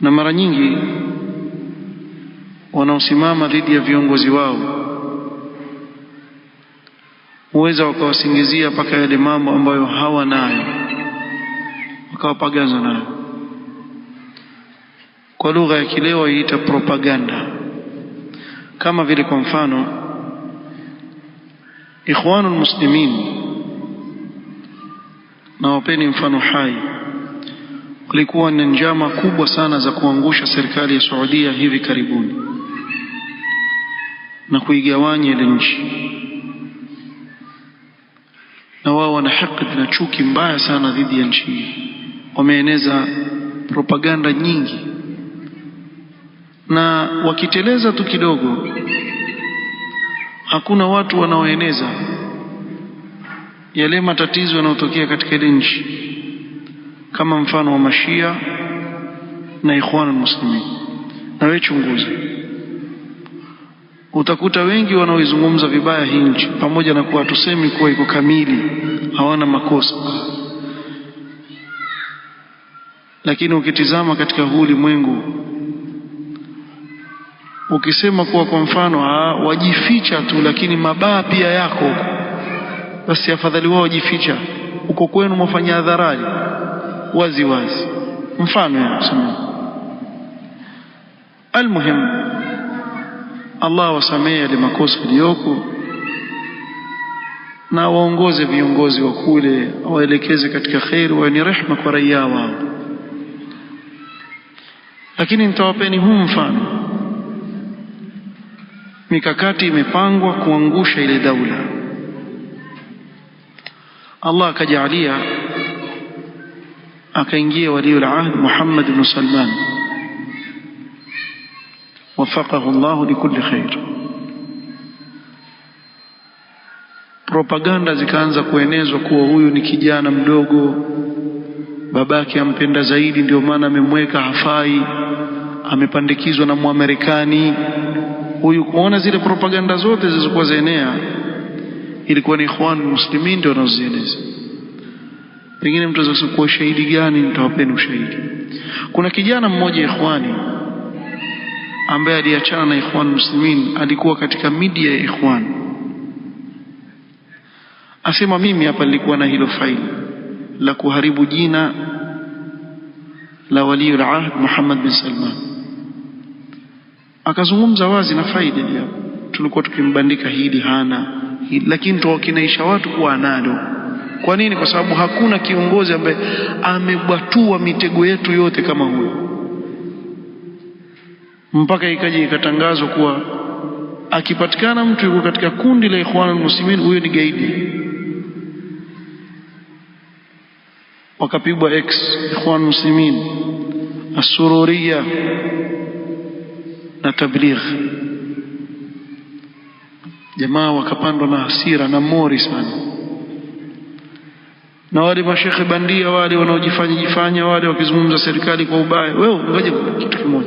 na mara nyingi wanaosimama dhidi ya viongozi wao huweza wakawasingizia mpaka yale mambo ambayo hawa nayo wakawapagaza nayo. Kwa lugha ya kileo iita propaganda. Kama vile kwa mfano, Ikhwanul Muslimin, nawapeni mfano hai kulikuwa na njama kubwa sana za kuangusha serikali ya Saudia hivi karibuni na kuigawanya ile nchi, na wao wana haqd na chuki mbaya sana dhidi ya nchi Wameeneza propaganda nyingi, na wakiteleza tu kidogo, hakuna watu wanaoeneza yale matatizo yanayotokea katika ile nchi kama mfano wa mashia na Ikhwan muslimin. Na wewe chunguza, utakuta wengi wanaoizungumza vibaya hii nchi, pamoja na kuwa tusemi kuwa iko kamili, hawana makosa, lakini ukitizama katika huu ulimwengu, ukisema kuwa kwa mfano ah, wajificha tu, lakini mabaa pia yako, basi afadhali wao wajificha, uko kwenu mwafanya hadharani wazi wazi, mfano kusema. Almuhimu, Allah wasamehe yale makosa yaliyoko, na waongoze viongozi wa kule, waelekeze katika kheri, wawe ni rehma kwa raia wao. Lakini nitawapeni huu mfano, mikakati imepangwa kuangusha ile daula, Allah akajalia akaingia waliul ahd Muhammad ibn Salman, wafaqahu llahu likulli khair. Propaganda zikaanza kuenezwa kuwa huyu ni kijana mdogo, babake ampenda zaidi, ndio maana amemweka, hafai, amepandikizwa na Mwamerekani huyu. Kuona zile propaganda zote zilizokuwa zaenea, ilikuwa ni Ikhwanul Muslimin ndio wanaozieneza Pengine mtu anaweza kuwa shahidi ushahidi gani? Nitawapeni ushahidi. Kuna kijana mmoja Ikhwani ambaye aliachana na Ikhwan Muslimin, alikuwa katika media ya Ikhwan, asema mimi hapa nilikuwa na hilo faili la kuharibu jina la waliul ahd Muhammad bin Salman. Akazungumza wazi na faida tulikuwa tukimbandika hili hana hili, lakini tuwakinaisha watu kuwa analo kwa nini? Kwa sababu hakuna kiongozi ambaye amebwatua mitego yetu yote kama huyo, mpaka ikaje ikatangazwa kuwa akipatikana mtu yuko katika kundi la Ikhwan Muslimin, huyo ni gaidi. Wakapigwa X, Ikhwan Muslimin, Asururia na Tabligh. Jamaa wakapandwa na hasira na mori sana na wale mashekhe bandia wale wanaojifanya jifanya wale wakizungumza serikali kwa ubaya. Wewe ngoja kitu kimoja,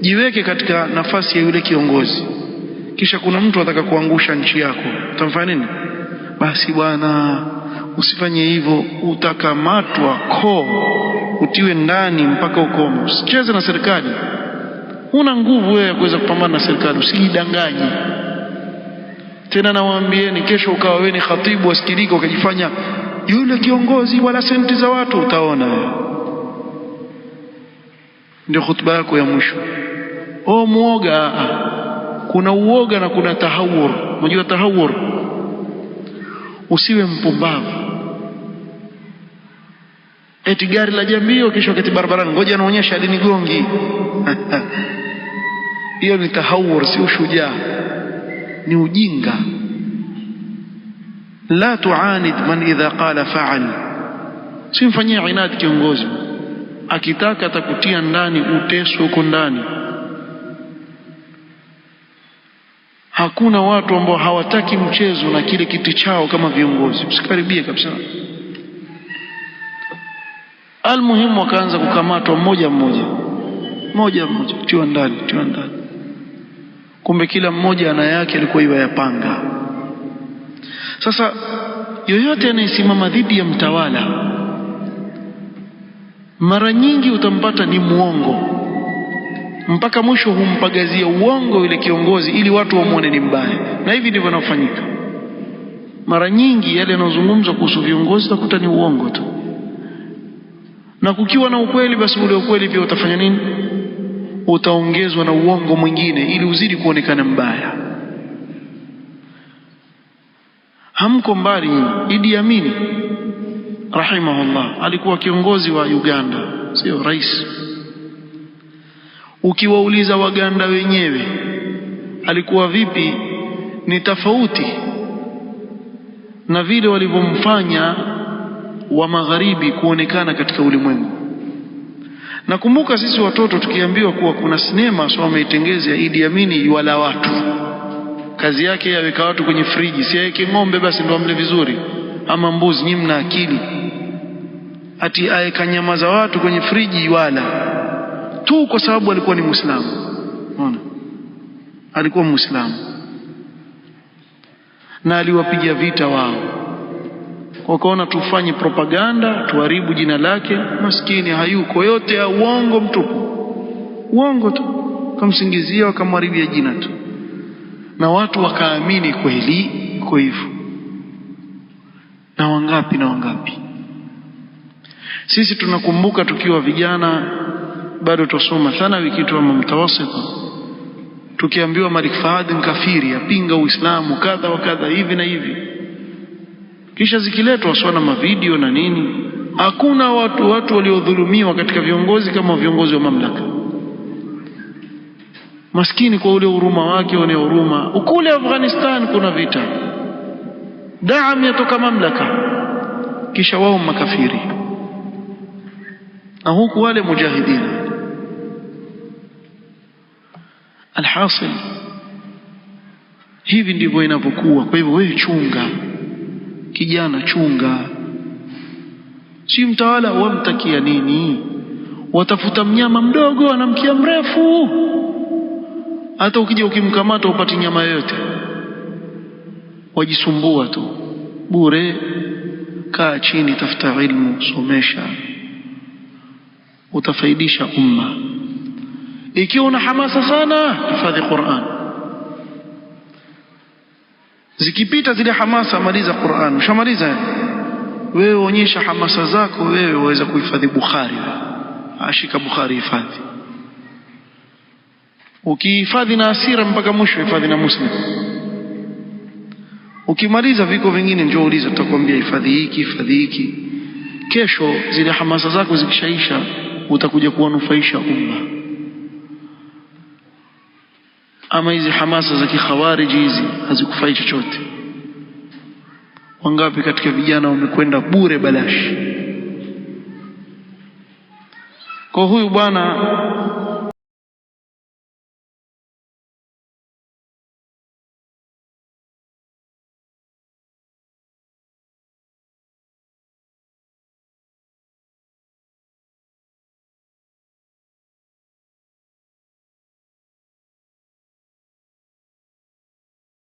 jiweke katika nafasi ya yule kiongozi. Kisha kuna mtu ataka kuangusha nchi yako, utamfanya nini? Basi bwana, usifanye hivyo, utakamatwa koo, utiwe ndani mpaka ukome. Usicheze na serikali, una nguvu wewe ya kuweza kupambana na serikali, usijidanganye tena. Nawaambieni, kesho ukawa wewe ni khatibu wasikilika, ukajifanya yule kiongozi wala senti za watu utaona ndio khutba yako ya mwisho. O muoga, kuna uoga na kuna tahawur. Unajua tahawur, usiwe mpumbavu eti gari la jambio kisha kati barabarani, ngoja naonyesha hadi nigongi. Hiyo ni tahawur, si ushujaa, ni ujinga la tuanid man idha qala faal, simfanyie inadi kiongozi. Akitaka atakutia ndani, uteso huko ndani. Hakuna watu ambao hawataki mchezo na kile kiti chao kama viongozi, usikaribie kabisa. Almuhimu, wakaanza kukamatwa mmoja mmoja mmoja mmoja, tiwa ndani, tiwa ndani. Kumbe kila mmoja ana yake alikuwa iwa yapanga sasa yoyote anayesimama dhidi ya mtawala mara nyingi utampata ni mwongo, mpaka mwisho humpagazia uongo yule kiongozi, ili watu wamwone ni mbaya, na hivi ndivyo inafanyika mara nyingi. Yale yanayozungumzwa kuhusu viongozi utakuta ni uongo tu, na kukiwa na ukweli, basi ule ukweli pia utafanya nini? Utaongezwa na uongo mwingine, ili uzidi kuonekana mbaya. Hamko mbali Idi Amin rahimahullah alikuwa kiongozi wa Uganda, sio rais. Ukiwauliza Waganda wenyewe alikuwa vipi, ni tofauti na vile walivyomfanya wa magharibi kuonekana katika ulimwengu. Nakumbuka sisi watoto tukiambiwa kuwa kuna sinema so wameitengeza Idi Amini wala watu Kazi yake yaweka watu kwenye friji, si aweke ng'ombe basi ndo amle vizuri, ama mbuzi? Nyinyi mna akili? Ati aweka nyama za watu kwenye friji wala tu kwa sababu alikuwa ni Muislamu. Unaona, alikuwa Muislamu na aliwapiga vita wao, wakaona tufanye propaganda, tuharibu jina lake. Maskini hayuko, yote ya uongo mtupu, uongo tu, kamsingizia wakamharibia jina tu na watu wakaamini kweli iko hivyo, na wangapi na wangapi. Sisi tunakumbuka tukiwa vijana bado twasoma thanawi kitu ama mtawasita, tukiambiwa Malik Fahad mkafiri, apinga Uislamu kadha wa kadha hivi na hivi, kisha zikiletwa sana mavideo na nini, hakuna watu watu waliodhulumiwa katika viongozi kama viongozi wa mamlaka maskini kwa ule huruma wake wane huruma. Ukule Afghanistan kuna vita, daam yatoka mamlaka, kisha wao makafiri na huku wale mujahidin. Alhasil, hivi ndivyo inavyokuwa. Kwa hivyo wewe chunga, kijana chunga, si mtawala wamtakia nini? Watafuta mnyama mdogo, anamkia mrefu hata ukija ukimkamata upati nyama yoyote, wajisumbua tu bure. Kaa chini, tafuta ilmu, somesha, utafaidisha umma. Ikiwa una hamasa sana, hifadhi Qur'an. Zikipita zile hamasa, maliza Qur'an. Ushamaliza wewe, onyesha hamasa zako wewe, waweza kuhifadhi Bukhari, ashika Bukhari hifadhi ukihifadhi na asira mpaka mwisho, hifadhi na Muslim. Ukimaliza viko vingine njoo uliza, tutakwambia hifadhi hiki, hifadhi hiki. Kesho zile hamasa zako zikishaisha, utakuja kuwanufaisha umma. Ama hizi hamasa za kikhawariji hizi hazikufai chochote. Wangapi katika vijana wamekwenda bure, balashi. Kwa huyu bwana